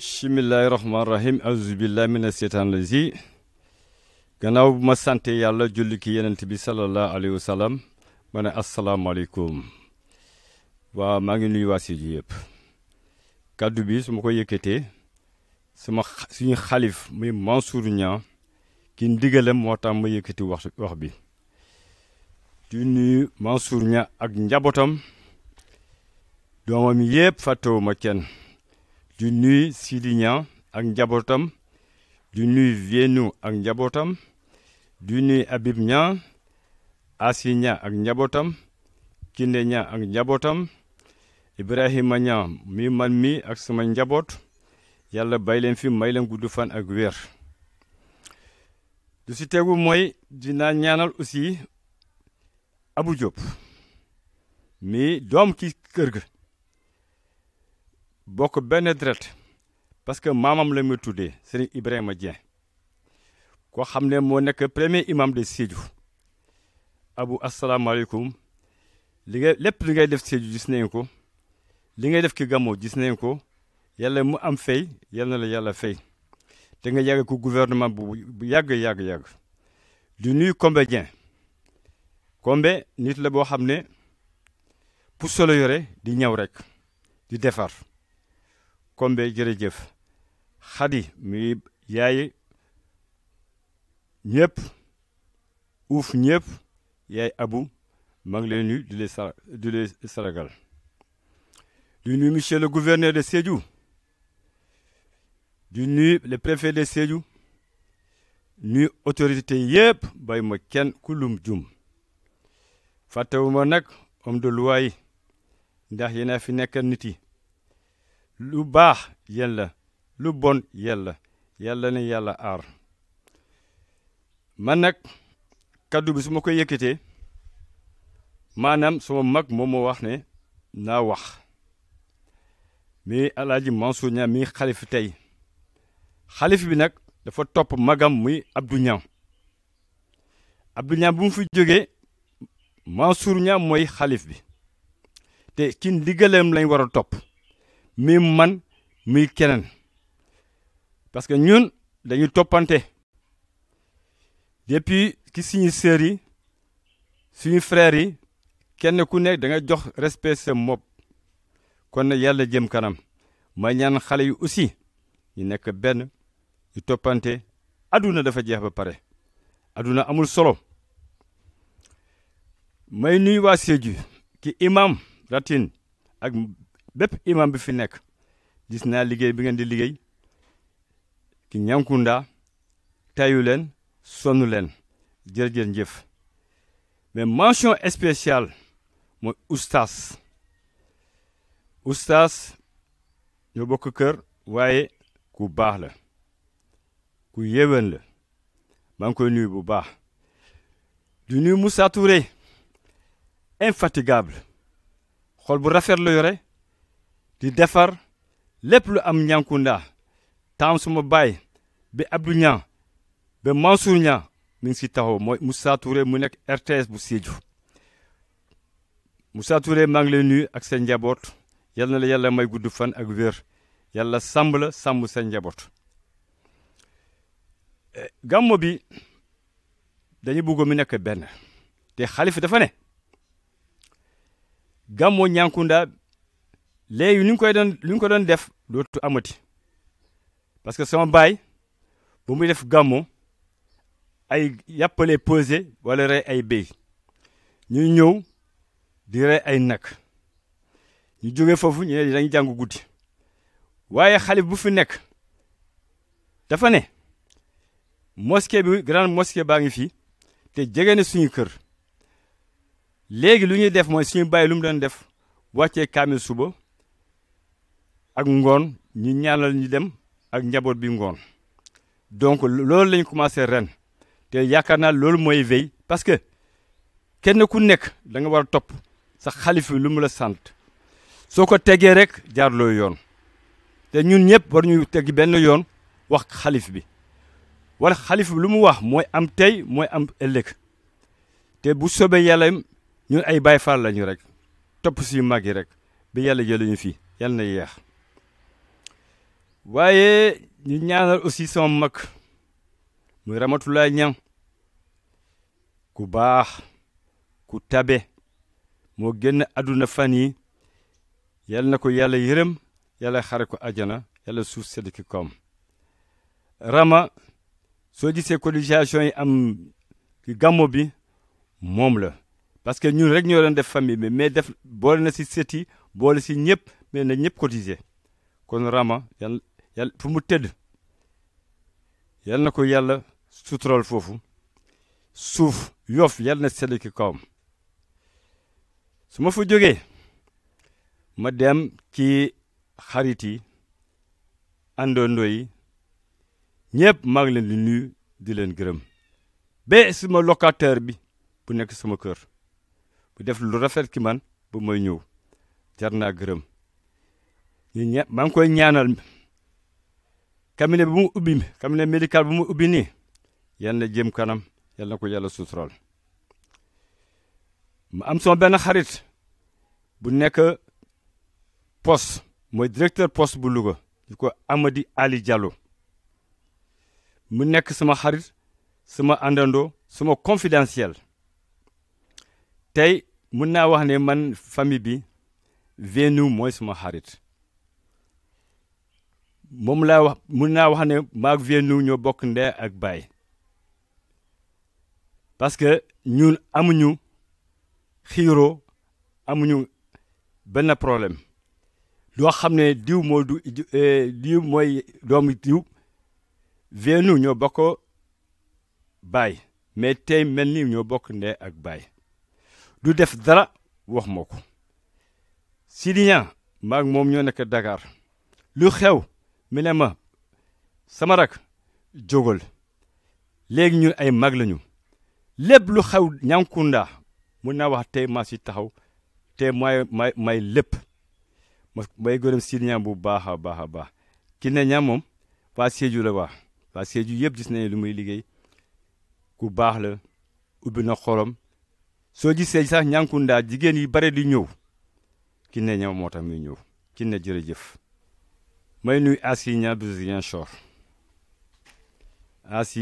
bismillaahi rahmaani rahiim auzu billaahi mina seytaan lazi gannaaw bu ma sante yàlla julli ki yenent bi salallaahu alayhi wa sallam ma ne waaw maa ngi nuyu waa Sédhiou yëpp kàddu bi su ma ko yëkkatee sama suñu xalif muy Mansour Niang ki ndigalam moo tax ma yëkkati wax wax bi di nuyu Mansour ak njabootam doomam yëpp fàttewu ma kenn di nuyu Sidi Niang ak njabootam di nuyu Viennu ak njabootam ju nuyu Habib Niang Asi Niang ak njabootam Kinde Niang ak njabootam Ibrahima Niang mi man mi ak sama njaboot yàlla bay leen fi may leen gudd fan ak wér lu si tegu mooy dinaa ñaanal aussi Abou Diop mi doom ci kër ga bokk benn deret parce que maamam la muy tuddee sëriñ Ibrahima Dieng koo xam ne moo nekk premier imam de Sédhiou abu asalaamaaleykum li ngay lépp li ngay def Sédhiou gis nañ ko li ngay def ki Gàmmu gis nañ ko yalla mu am fay yàlla na la yàlla fay te nga yàgg ko gouvernement bu yàgg yàgg yàgg du nuy Kombe Dieng Kombe nit la boo xam ne pour solo yore di ñëw rek di defar kombe jërëjëf xadi mi yaay ñëpp uuf ñëpp yaay abu maa ngi leen nuyu di leen sar di leen le gouverneur de Sédhiou di nuyu le préfet de Sédhiou nuyu autorité yëpp bay ma kenn ku lum jum fàttewuma nag homme de loi yi ndax yéen a fi nekkal nit yi lu baax yàlla lu bon yàlla yàlla ne yàlla aar man nag kaddu bi su ma koy yëkkatee maanaam sama mag moom moo wax ne naa wax mi alaaji Mansour Niang mi xalif tey xalif bi nag dafa topp magam muy Abdou Niang Abdou Niang bu mu fi jógee Mansour Niang mooy xalif bi te ci ndigalam lañ war a topp muy man muy keneen parce que ñun dañuy toppante depuis ki suñu sœurs yi suñu frères yi kenn ku nekk da nga jox respect sa mob kon na yàlla jëm kanam ma ñaan xale yi aussi ñu nekk benn yu toppante aduna dafa jeex ba pare aduna amul solo may nuyu waa Sédhiou ki imam Ratine ak bépp imam bi fi nekk gis naa liggéey bi ngeen di liggéey ki ñankunda tayu leen sonn leen jërëjëf jëf mais mention spéciale mooy oustaz oustaz ñoo bokk kër waaye ku baax la ku yéwén la maa ngi koy nuyu bu baax du nuyu Moussa Touré infatigable xol bu rafet la yore di defar lépp lu am Ñankunda taam suma baay bi Abdou Niang ba Mansour Niang mi ngi si taxaw mooy Moussa mu nekk RTS bu Sédhiou Moussa Touré maa ngi lay nuyu ak sa njaboot yal na yàlla may gudd fan ak wér yàlla sàmm la sàmm sa njaboot eh, gàmmo bi dañu bëgg mu nekk benn te xalif dafa ne gàmmo léegi lu ñu koy doon lu ñu ko doon def dootu amati parce que sama baay bu muy def gàmmu ay yàppale pose walla rey ay béy ñu ñëw di rey ay nag ñu jóge fofu ñu ne dañ jàng guddi waaye xalif bu fi nekk dafa ne mosquée bi grand mosquée baa ngi fii te jege na suñu kër léegi lu ñuy def mooy suñu bàyyi lu mu doon def wàccee kaamil suba ak ngoon ñu ñaanal ñu dem ak njaboot bi ngoon donc loolu lañ commencé ren te yaakaar naa loolu mooy veille parce que kenn ku nekk da nga war a topp sa xalif lu mu la sant soo ko tegee rek jaar loo yoon te ñun ñëpp war ñu teg benn yoon wax xalif bi wala xalif bi lu mu wax mooy am tey mooy am ëllëg te bu sobee yàlla ñun ay Baay Faal lañu rek topp suñu mag yi rek bi yàlla jëlee lañu fii yàlla na yeex waaye ñu ñaanal aussi sama mag muy Ramatoulaye ñaŋ ku baax ku tabe moo génn àdduna fan yi yal na ko yàlla yërëm yàlla xare ko ajana yàlla suuf sedd ki koom Rama soo gisee cotisation yi am ci gàmmo bi moom la parce que ñun rek ñoo doon def famille bi mais def boole na si sët yi boole si ñëpp mais na ñëpp cotiser kon Rama yàlla yàlla fu mu tëdd yal na ko yàlla sutural foofu suuf yoof yal na sedd ki kawam su ma fa jógee ma dem ci xarit yi àndandoo yi ñëpp maa ngi leen di nuyu di leen gërëm ba suma locataire bi bu nekk sama kër bu def lu rafet ki man bu may ñëw jar naa gërëm ñu ñe ñaanal cabinet bu mu ubbi cabinet médical bu mu ubbi nii yal na kanam yal na ko yàlla sutural am sama benn xarit bu nekk pos mooy directeur poste bu Louga di ko Amady Ali jallo mu nekk sama xarit sama àndandoo suma confidentiel tey mun naa wax ne man famille bi venu mooy sama xarit moom laa wax mun naa wax ne maag Viennou ñoo bokk ndey ak baay parce que ñun amuñu xiiroo amuñu benn problème loo xam ne diw moo du eh, diw mooy doomu diw Viennou ñoo bokk baay mais tey mel ni ñoo bokk ndey ak baay du def dara wax ma ko Sidiya maag moom ñoo nekk Dakar lu xew mi ma sama rak jógal léegi ñun ay mag lañu lépp lu xew ñànkunda mun naa wax tey maa taxaw te may may may lépp ma may gërëm Sidi Niang bu baax a baax a baax kine ne ñaam moom waa Sédhiou la waa waa Sédhiou yëpp gis nañu lu muy liggéey ku baax la ubbi na xolam soo gisee sax ñànkunda jigéen yi bare di ñëw ki ne ñaam moo tax muy ñëw ki jërëjëf may nuy as yi ñaa bu Ziguinchor as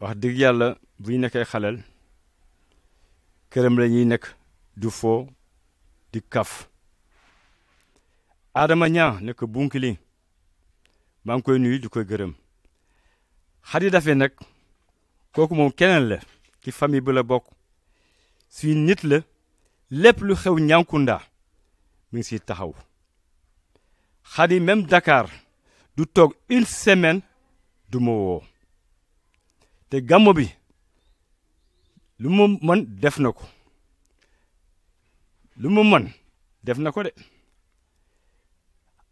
wax dëgg yàlla bu ñu nekkee xaleel këram la ñuy nekk du foo di kaf Adama ñaa nekk bunkili maa ngi koy nuyu di koy gërëm xar yi dafee nag kooku moom keneen la ci famille bi la bokk si nit la lépp lu xew ñànkunda mi ngi siy taxaw xani même Dakar du toog une semaine du ma woo te gàmmo bi lu mu mën def na ko lu mu man def na ko de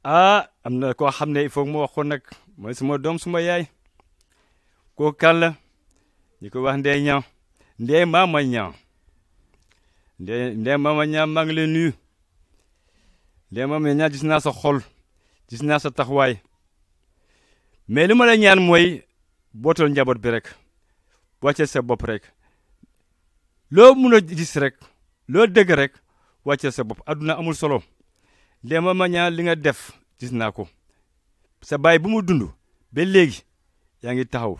ah am na koo xam ne il faut ma wax ko nag mooy suma doom suma yaay ko kan la ñu ko wax ndey ñaaw ndey maama ñaaw ndey ndey maama ñaaw maa ngi lay nuyu ndey maama ñaaw gis naa sa xol gis naa sa taxawaay mais li ma la ñaan mooy bootal njaboot bi rek wàccee sa bopp rek loo mun a gis rek loo dégg rek wàccee sa bopp adduna amul solo lee ma ma ñaan li nga def gis naa ko sa baay bu mu dund ba léegi yaa ngi taxaw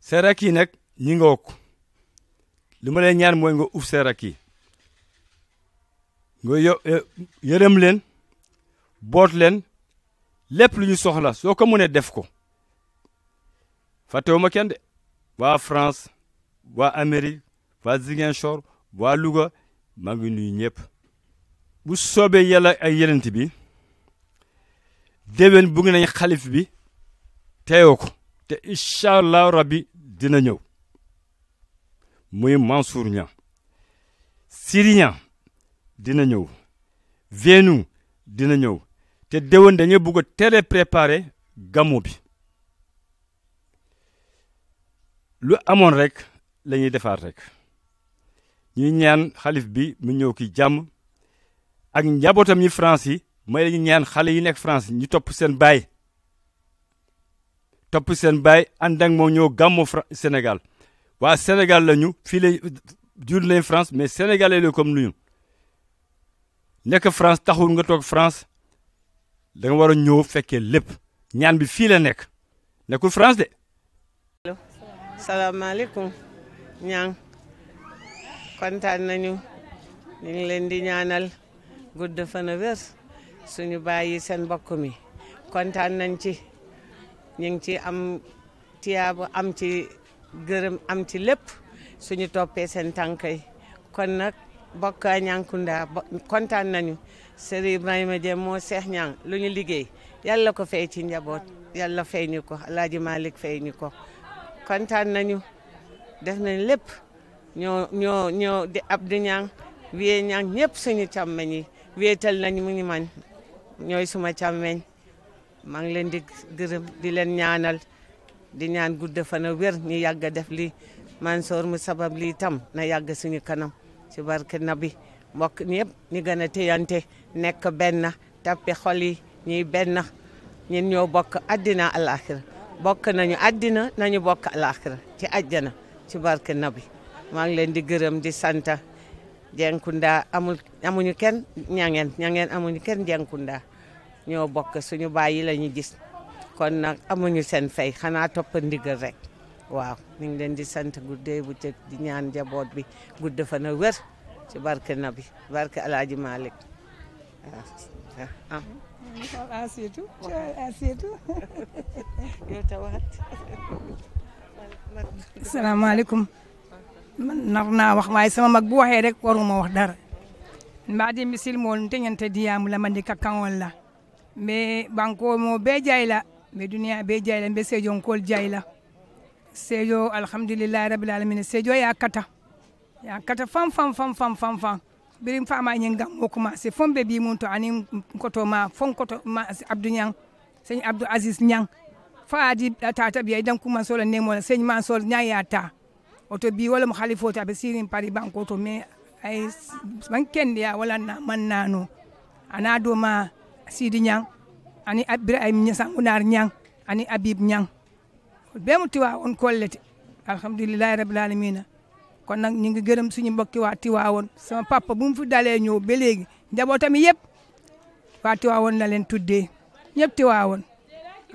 sa rakk yi nag ñi nga wokk li ma lay ñaan mooy nga uf sa rakk yi nga eh, leen boot leen lépp lu ñu soxla soo ko mënee def ko ma kenn de waa France waa ameri waa Ziguinchor waa Louga maa ngi ñëpp. bu soobee yàlla ak yenent bi déwén bëgg nañ xalif bi teewoo ko te incha allah rabbi dina ñëw muy Mansour Niang Siri Niang dina ñëw Vénou dina ñëw te déwén dañoo bëgg a teel préparer gàmmu bi lu amoon rek la ñuy defaat rek ñuy ñaan xalif bi mu ñëw ki jàmm ak njabootam ñi France yi may la ñaan xale yi nekk France ñu topp seen baay topp seen baay ànd ak moom ñëw gàmmu Sénégal waa Sénégal la ñu fii la jur lañ France mais sénégalais la comme lu ñu nekk France taxul nga toog France da nga war a ñëw lépp ñaan bi fii la nekk nekkul France de. allo salaamaaleykum ñaan kontaan nañu ñu ngi leen di ñaanal gudd fan a wér suñu bàyyi seen mbokk mi kontaan nañ ci ñu ngi ci am tiyaabu am ci gërëm am ci lépp suñu toppee seen tànk yi kon nag bokk Ñankunda kontaan nañu. seri Ibrahima Dieng moo Cheikh Niang lu ñu liggéey yàlla ko fay ci njaboot yàlla fay ñu ko El Hadj Malick fay ñu ko kontaan nañu def nañ lépp ñoo ñoo ñoo di Abdou Niang wiyee Niang ñëpp suñu càmmeñ yi wéetal nañ mu ni man ñooy suma càmmeñ maa ngi leen di di leen ñaanal di ñaan gudd fan wer wér ñu yàgg a def lii Mansour mu sabab lii tam na yàgg suñu kanam ci barke Nabi mbokk ñëpp ñi gën a nekk benn tappi xol yi ñuy benn ñun ñoo bokk addina alaxira bokk nañu addina nañu bokk alaxira ci àjjana ci barke nabi maa ngi leen di gërëm di sant Jenkunda amul amuñu kenn ñangeen ñangeen amuñu kenn Jenkunda ñoo bokk suñu baay yi la ñu gis kon nag amuñu seen fay xanaa topp ndigal rek waaw ñu ngi leen di sant guddee bu cëg di ñaan njaboot bi gudd fa wër ci barke Nabi barke El Hadj Malick waaw. xool Asietu xool Asietu man nar wax waaye sama mag bu waxee rek waruma wax dara. mbaadi misil mol teñante diyamu lamandi kakkaŋol la mbe banko mo be jayla mbe duniya be jayla mbe seejonkol jayla seejo alhamdulillahi rabbil alamin seejo yakata yankata fam fam fam fam fam fam birin fama ñin gam o commencé fombe bi mun to anin koto ma fon koto ma abdou ñang seigne abdou aziz ñang faadi tata biya idan kuma solo ne mo seigne man sol ñaya ta oto bi wala mo khalifo ta be sirin pari banko to me ay man kende ya wala na man nano ana do ma sidi ñang ani ibrahim ñasangu nar ñang ani abib ñang be mutiwa on kollete alhamdulillahi rabbil kon nag ñu ngi gërëm suñu mbokki waa Tiwaawoon sama papa bu mu fi dalee ñëw ba léegi njabootam yëpp waa Tiwaawoon la leen tuddee ñëpp Tiwaawoon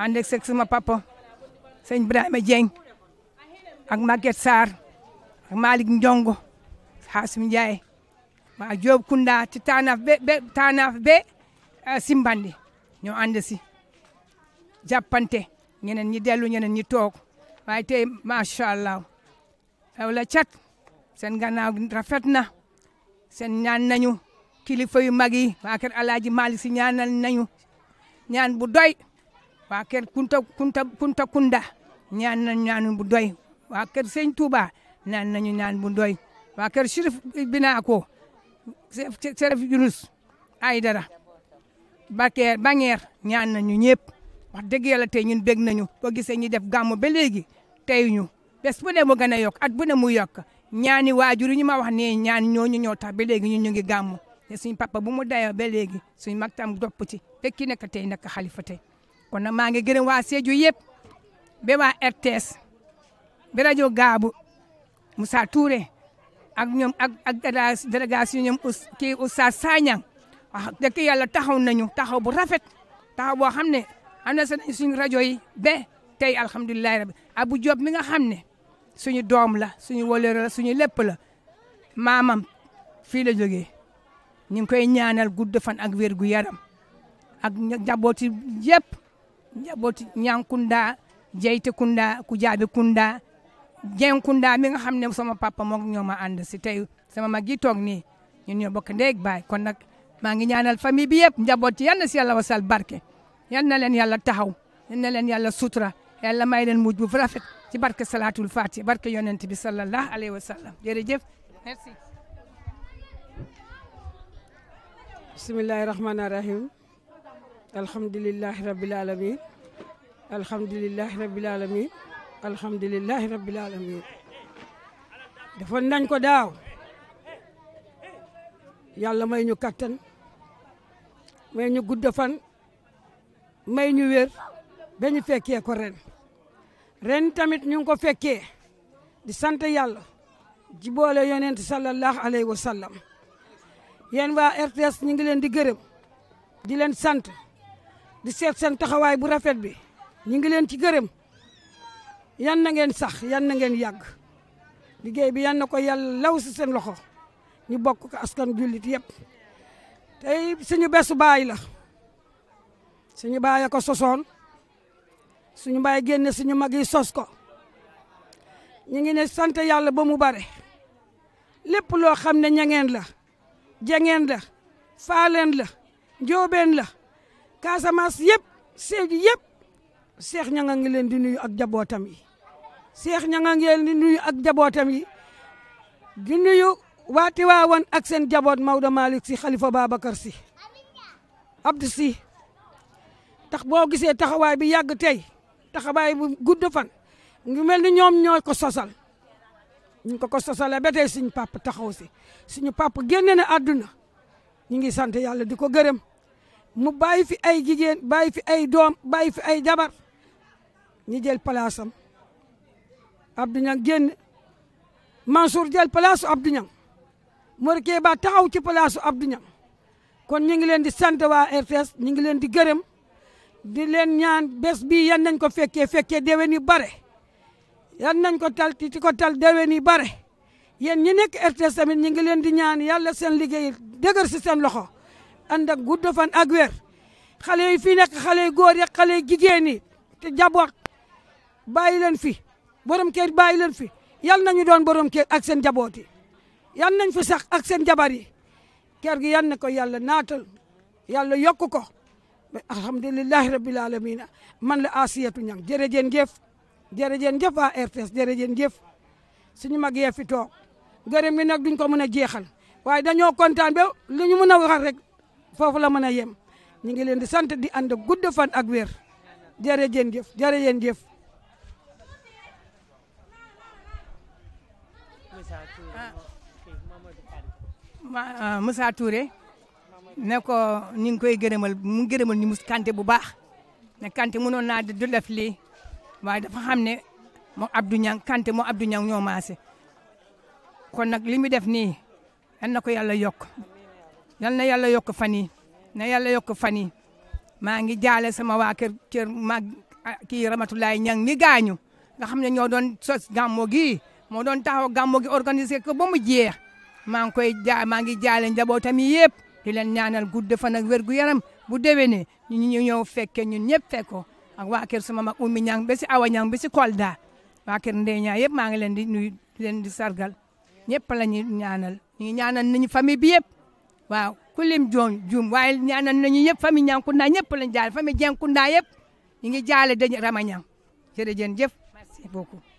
ànd ak sama papa sëñ Ibrahima Dieng ak Maguette Sarr ak Malick Ndiongo Xaasim Ndiaye maa Joob Kunda ci Taanaaf be be Taanaaf be euh, Simbandi ñoo ànd si jàppante ñeneen ñi dellu ñeneen ñi toog waaye tey macha allah aw la cat seen gannaaw rafet na seen ñaan nañu kilifa yu mag yi waa kër Alaaji Maalik Si ñaanal nañu ñaan bu doy waa kër Kunta Kunta Kunta Kunda ñaan nañu ñaan bu doy waa kër Sëñ Tuuba ñaan nañu ñaan bu doy waa kër Chérif Binaako Chérif Yunus Aydara Bakeer Bañeer ñaan nañu ñëpp wax dëgg yàlla tey ñun bég nañu boo gisee ñi def gàmmu ba léegi tey ñu bés bu ne mu gën a yokk at bu ne mu yokk ñaani waajur yi ñu ma wax ne ñaan ñooñu ñoo tax ba léegi ñu ngi gàmmu suñu suñ bu mu dayoo ba léegi suñ mag tam ci te ki nekk tey nekk xalifa tey kon nag maa ngi gërëm waa Sédhiou yëpp ba waa RTS ba rajo Gaabu Moussa Touré ak ñoom ak ak délégation ñoom kii Oustaz Sagnang wax dëgg yàlla taxaw nañu taxaw bu rafet taxaw boo xam ne am na suñu rajo yi ba tey alhamdulilah rabbi Abu Diop mi nga xam ne. suñu doom la suñu wolore la suñu lépp la maamam fii la jógee ñu ngi koy ñaanal gudd fan ak wér yaram ak jabooti yëpp njabooti ñankunda jeyte kunda ku jaabi kunda jeng kunda mi nga xam ne sama papa moom ñoo ma ànd si tey sama ma yi toog nii ñun ñoo bokk ndeeg baay kon nag maa ngi ñaanal famille bi yëpp njabooti yal na si yàlla wasal barke yal na leen yàlla taxaw yal na leen yàlla sutura yàlla may leen mujj bu rafet ci barke salaatul faati barke yonent bi sallallahu alayhi wa sallam jërëjëf merci bismillahi rahmaani rahim alhamdulilahi rabil alamin alhamdulilahi rabil alamin alhamdulilahi rabil nañ ko daaw yàlla may ñu kattan may ñu gudd fan may ñu wér ba ñu fekkee ko ren ren tamit ñu ngi ko fekkee di sant yàlla ji boole yonent sallallahu alayhi wa sallam yéen waa RTS ñu ngi leen di gërëm di leen sant di seet seen taxawaay bu rafet bi ñu ngi leen ci gërëm yan na ngeen sax yan na ngeen yàgg liggéey bi yan na ko yàlla law si seen loxo ñu bokk ko askan jullit yëpp tey suñu besu baay la suñu baay a ko sosoon suñu baay génne suñu mag yi sos ko ñu ngi ne sant yàlla ba mu bare lépp loo xam ne ñangeen la jangeen la faaleen la njoobeen la Casamance yëpp Sédhiou yëpp seex ña nga ngi leen di nuyu ak jabootam yi seex ña nga ngi di nuyu ak jabootam yi di nuyu waati waawoon ak seen jaboot Maodo Malick si Khalifa Babacar si Abdou si tax boo gisee taxawaay bi yàgg tey taxawaay bu gudd fan ngi mel ni ñoom ñoo ko sosal ñu ko ko sosalee ba tey suñu papa taxaw si suñu papa génne na àdduna ñu ngi sant yàlla di ko gërëm mu bàyyi fi ay jigéen bàyyi fi ay doom bàyyi fi ay jabar ñu jël place am Abdou Niang génn Mansour jël place Abdou Niang Mor Keba taxaw ci place Abdou Niang kon ñu ngi leen di sant waa RTS ñu ngi leen di gërëm. di leen ñaan bés bi yan nañ ko fekkee fekkee déwén yi bare yan nañ ko tal ti ko tal déwén yi bare yéen ñi nekk RTS tamit ñu ngi leen di ñaan yàlla seen liggéey dëgër si seen loxo ànd ak gudd fan ak weer xale yi fii nekk xale yu góor yi xale yu te jaboot bàyyi leen fi borom kër bàyyi leen fi yal nañu doon borom kër ak seen jaboot yi yal nañ fi sax ak seen jabar yi kër gi yal na ko yàlla naatal yàlla yokk ko alhamdulilahi rabbil alamina man la asiyatu ñang jërëjeen jëf jërëjeen jëf waa RTS jërëjeen jëf suñu mag yee fi toog gërëm bi nag duñ ko mën a jeexal waaye dañoo kontaan ba lu ñu mën a waxal rek foofu la mën a yem ñu ngi leen di sant di ànd gudd fan ak wér jërëjeen jëf jërëjeen jëf Moussa Touré ne ko ñu ngi koy gërëmal mu gërëmal ñu mus Kanté bu baax ne Kanté noon naa du def lii waaye dafa xam ne moom Abdou Niang Kanté moom Abdou Niang ñoo maase kon nag li mu def nii yal na ko yàlla yokk yal na yàlla yokk fan yi na yàlla yokk fan yi maa ngi jaale sama waa kër kër mag ah, kii Ramatulaay Niang mi gaañu nga xam ne ñoo doon sos gàmmo gi moo doon taxaw gàmmo gi organiser ko ba mu jeex maa ngi koy ja maa ngi jaale njabootam yëpp di leen ñaanal gudd fan ak wér gu yaram bu déwénee ñu ñëw fekke ñun ñëpp fekko ak waa kër sama mag ummi ñang ba si awa ñang ba si Kolda waa kër Ndeye Niang yëpp maa ngi leen di nuyu di leen di sargal ñëpp la ñuy ñaanal ñu ngi ñaanal nañu famille bi yëpp waaw ku lim joom juum waaye ñaanal nañu yëpp famille Niang Kounda ñëpp lañ jaale famille Dieng Kounda yëpp ñu ngi jaale dañu Rama Niang jërëjëf merci beaucoup